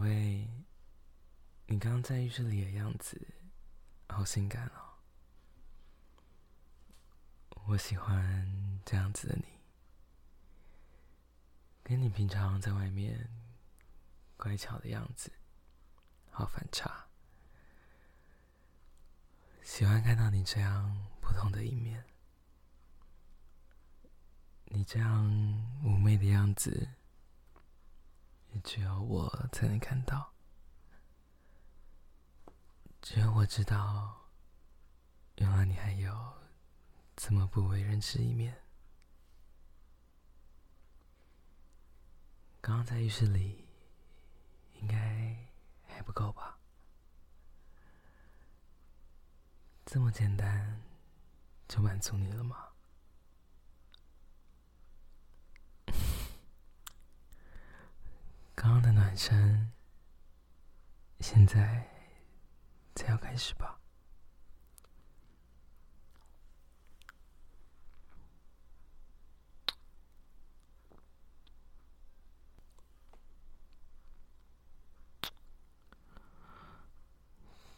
喂，你剛剛在浴室裡的樣子好性感哦，我喜歡這樣子的你，跟你平常在外面乖巧的樣子好反差，喜歡看到你這樣不同的一面，你這樣嫵媚的樣子。只有我才能看到，只有我知道，原來你還有這麼不為人知的一面。剛剛在浴室裡，應該還不夠吧？這麼簡單就滿足你了嗎？剛剛的暖身，現在才要開始吧？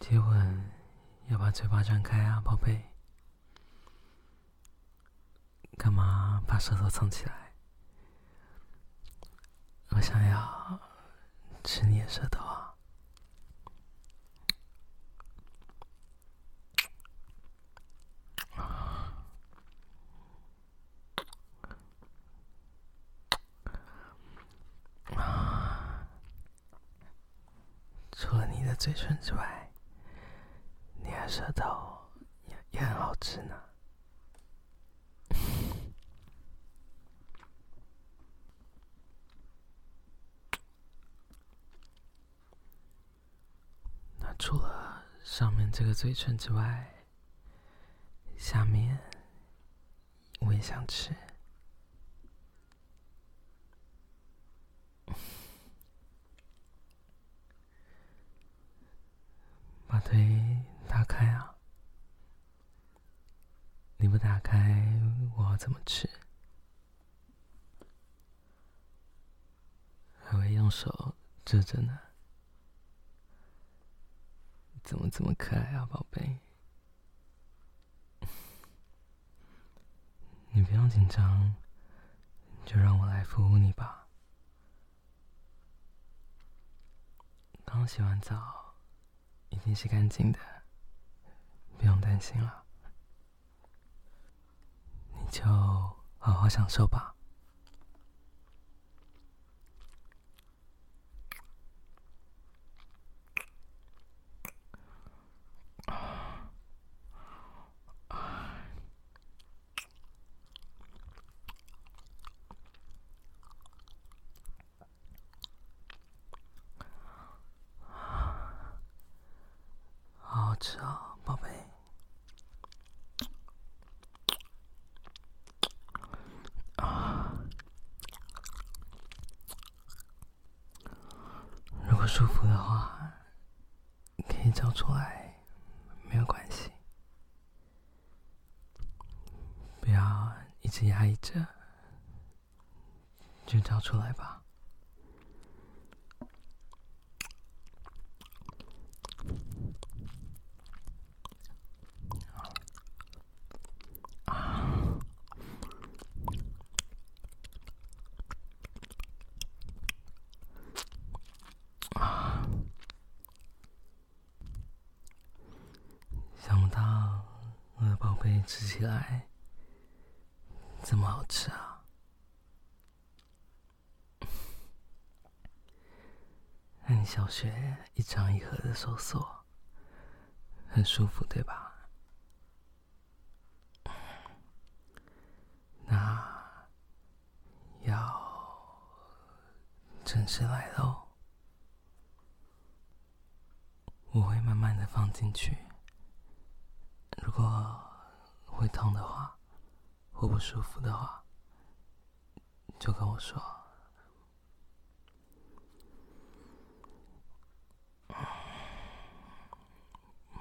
接吻要把嘴巴張開啊，寶貝！幹嘛把舌頭藏起來？我想要吃你的舌頭啊。啊，除了你的嘴唇之外，你的舌頭也也很好吃呢。除了上面這個嘴唇之外，下面我也想吃。 把腿打開啊！你不打開，我怎麼吃？還會用手遮着呢。怎麼這麼可愛啊，寶貝？你不用緊張，就讓我來服務你吧。剛洗完澡，一定是乾淨的，不用擔心了。你就好好享受吧。舒服的話，可以叫出來，沒有關係，不要一直壓抑着，就叫出來吧。吃起來這麼好吃啊！那你小穴一張一合的收縮，很舒服，對吧？那要正式來嘍！我會慢慢的放進去，如果……會痛的話，或不舒服的話，就跟我說。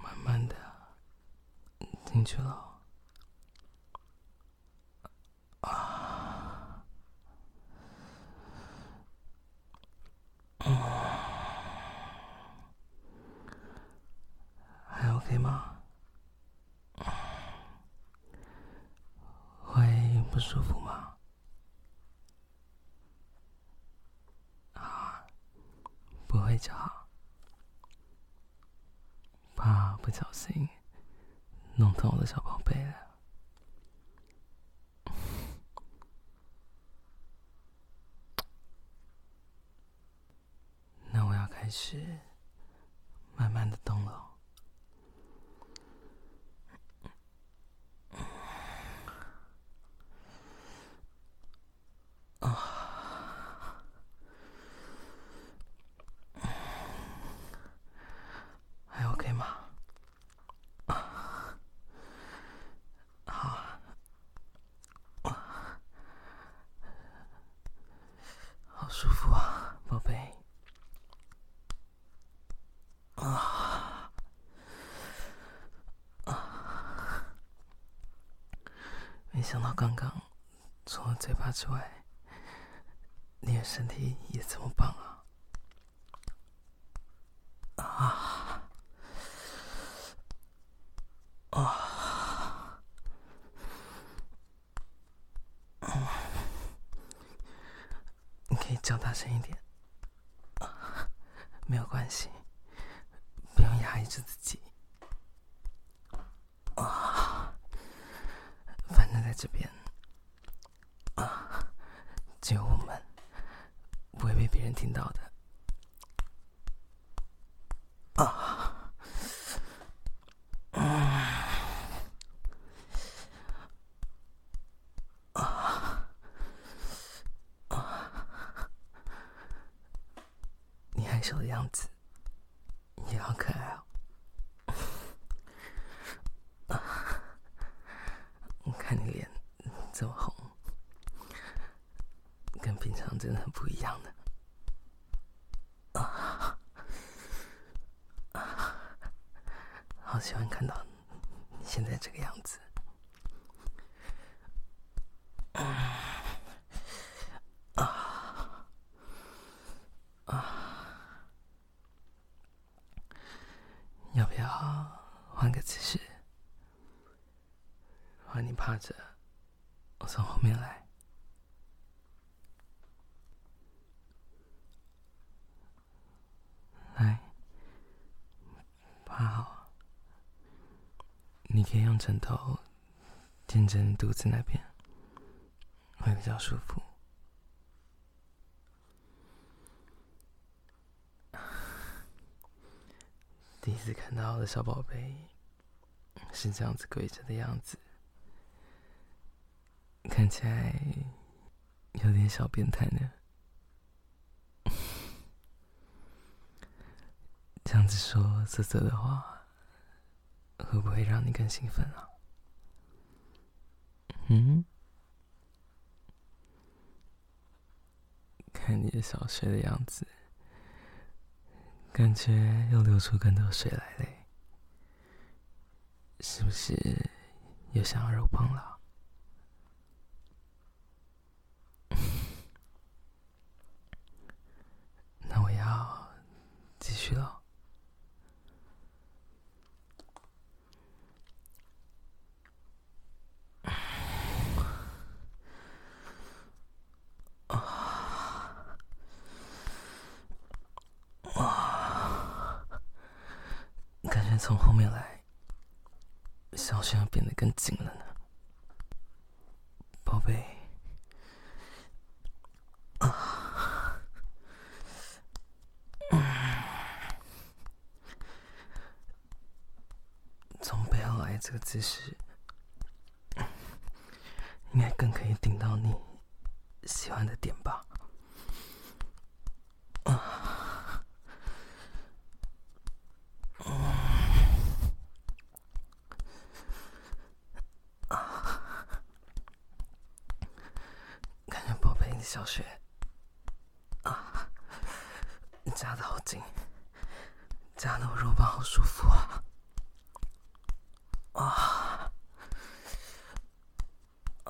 慢慢的進去了。不小心弄疼我的小寶貝了， 那我要開始。想到剛剛，除了嘴巴之外，你的身體也這麼棒啊！啊啊！嗯、啊，你可以叫大聲一點，啊、沒有關係，不用壓抑着自己。在這邊啊，只有我們不會被別人聽到的。這麼紅，跟平常真的很不一樣的。啊啊，好喜歡看到你現在這個樣子。啊啊啊，要不要換個姿勢？換你趴着。從後面來，來，趴好。你可以用枕頭墊着你肚子那邊，會比較舒服。第一次看到我的小寶貝是這樣子跪着的樣子。看起來有點小變態呢。 這樣子說色色的話，會不會讓你更興奮啊？嗯？看你的小睡的樣子，感覺又流出更多水來嘞。是不是又想要肉棒了？後面來，小心要變得更緊了呢，寶貝。啊、嗯、從背後來這個姿勢，應該更可以頂到你喜歡的點吧。小雪，啊，你夾的好緊，夾的我肉棒好舒服啊，啊，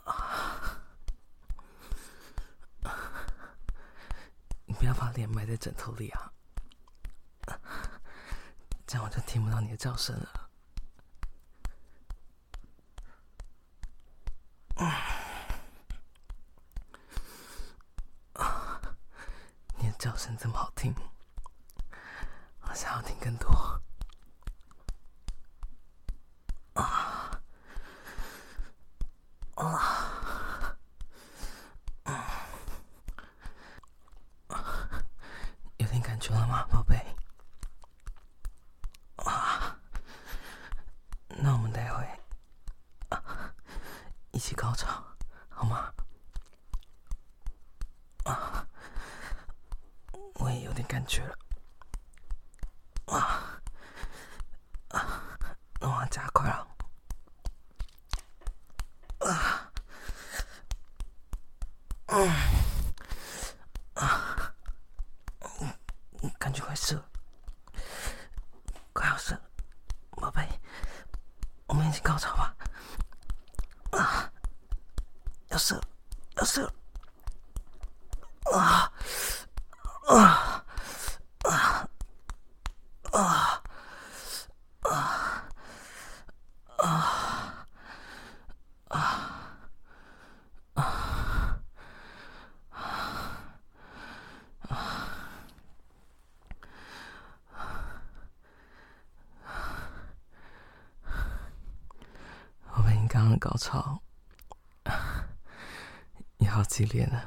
啊，啊，你不要把臉埋在枕頭裡啊，這樣我就聽不到你的叫聲了。叫聲這麼好聽，我想要聽更多。啊！有點感覺了嗎，寶貝？啊！那我們待會啊一起高潮，好嗎？去了、啊，啊啊！我加快了，啊，嗯，啊，嗯，感覺快射，快要射，寶貝，我們一起高潮吧，啊，要射，要射。高潮，你好激烈呢、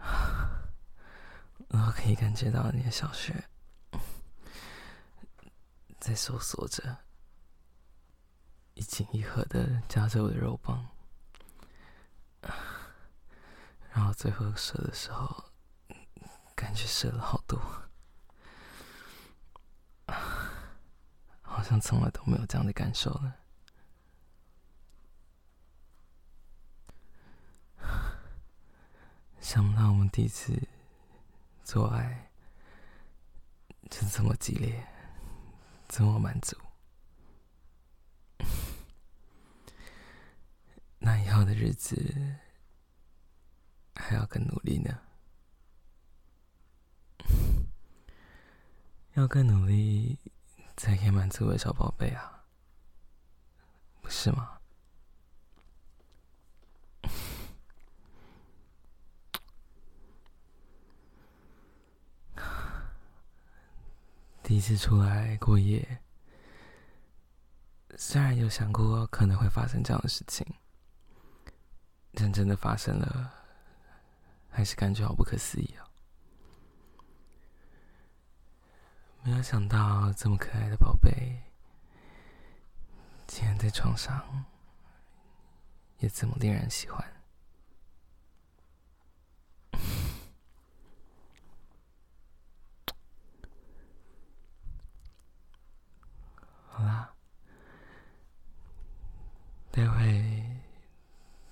啊！我可以感覺到你的小穴在收縮着，一緊一合的夾着我的肉棒。然後最後射的時候，感覺射了好多，好像從來都沒有這樣的感受了。想不到我們第一次做愛，就這麼激烈，這麼滿足。 那以後的日子還要更努力呢， 要更努力，才可以滿足我的小寶貝啊，不是嗎？第一次出來過夜，雖然有想過可能會發生這樣的事情，但真的發生了，還是感覺好不可思議啊、哦！沒有想到這麼可愛的寶貝，竟然在床上也這麼令人喜歡。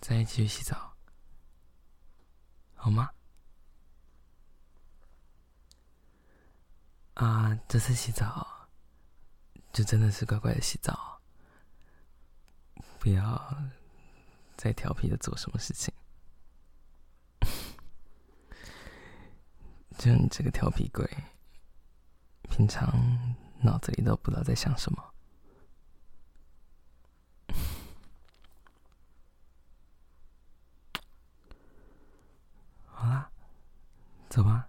再一起去洗澡，好嗎？啊，這次洗澡就真的是乖乖的洗澡，不要再調皮的做什麼事情。 就你這個調皮鬼，平常腦子裡都不知道在想什麼。走吧，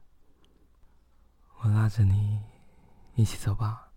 我拉着你一起走吧。